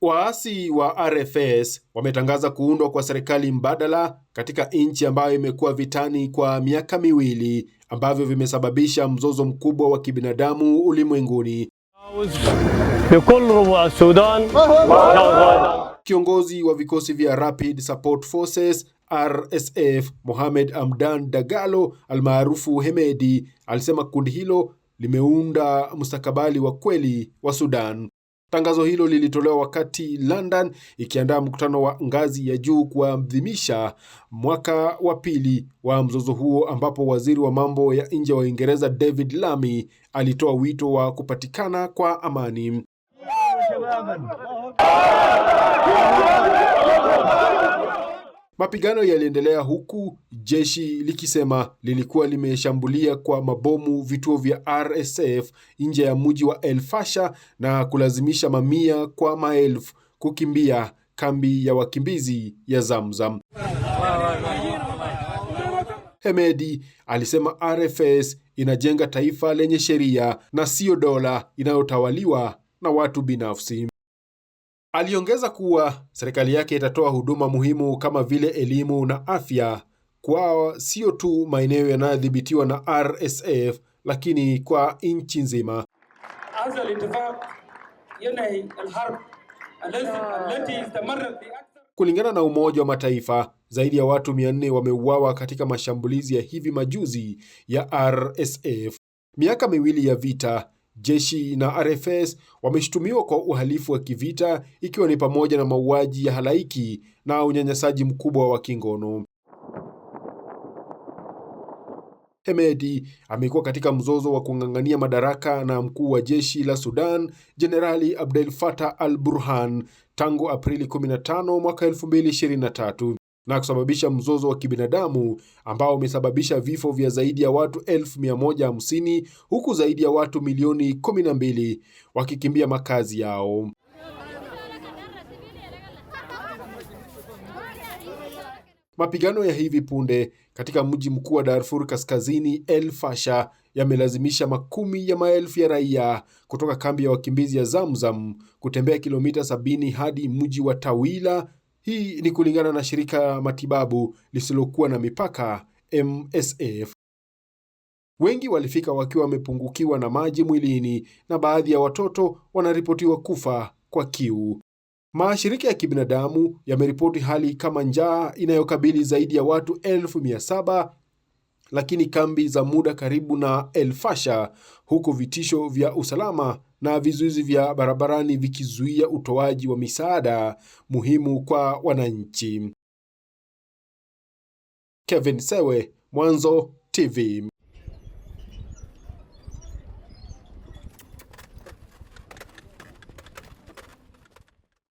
Waasi wa RFS wametangaza kuundwa kwa serikali mbadala katika nchi ambayo imekuwa vitani kwa miaka miwili ambavyo vimesababisha mzozo mkubwa wa kibinadamu ulimwenguni. Kiongozi wa vikosi vya Rapid Support Forces RSF Mohamed amdan Dagalo almaarufu Hemedi alisema kundi hilo limeunda mustakabali wa kweli wa Sudan. Tangazo hilo lilitolewa wakati London ikiandaa mkutano wa ngazi ya juu kuadhimisha mwaka wa pili wa mzozo huo, ambapo waziri wa mambo ya nje wa Uingereza David Lammy alitoa wito wa kupatikana kwa amani. Mapigano yaliendelea huku jeshi likisema lilikuwa limeshambulia kwa mabomu vituo vya RSF nje ya mji wa El Fasher na kulazimisha mamia kwa maelfu kukimbia kambi ya wakimbizi ya Zamzam. Hemedi alisema RFS inajenga taifa lenye sheria na sio dola inayotawaliwa na watu binafsi. Aliongeza kuwa serikali yake itatoa huduma muhimu kama vile elimu na afya kwa sio tu maeneo yanayodhibitiwa na RSF lakini kwa nchi nzima. Kulingana na Umoja wa Mataifa, zaidi ya watu 400 wameuawa katika mashambulizi ya hivi majuzi ya RSF. Miaka miwili ya vita Jeshi na RFS wameshutumiwa kwa uhalifu wa kivita ikiwa ni pamoja na mauaji ya halaiki na unyanyasaji mkubwa wa kingono. Hemedi amekuwa katika mzozo wa kung'ang'ania madaraka na mkuu wa jeshi la Sudan Jenerali Abdel Fattah al-Burhan tangu Aprili 15 mwaka 2023 na kusababisha mzozo wa kibinadamu ambao umesababisha vifo vya zaidi ya watu 150 huku zaidi ya watu milioni 12 wakikimbia makazi yao. Mapigano ya hivi punde katika mji mkuu wa Darfur Kaskazini El Fasha, yamelazimisha makumi ya maelfu ya raia kutoka kambi ya wakimbizi ya Zamzam kutembea kilomita 70 hadi mji wa Tawila hii ni kulingana na shirika la matibabu lisilokuwa na mipaka MSF. Wengi walifika wakiwa wamepungukiwa na maji mwilini na baadhi ya watoto wanaripotiwa kufa kwa kiu. Mashirika ya kibinadamu yameripoti hali kama njaa inayokabili zaidi ya watu elfu mia saba lakini kambi za muda karibu na El Fasha, huku vitisho vya usalama na vizuizi vya barabarani vikizuia utoaji wa misaada muhimu kwa wananchi. Kevin Sewe, Mwanzo TV.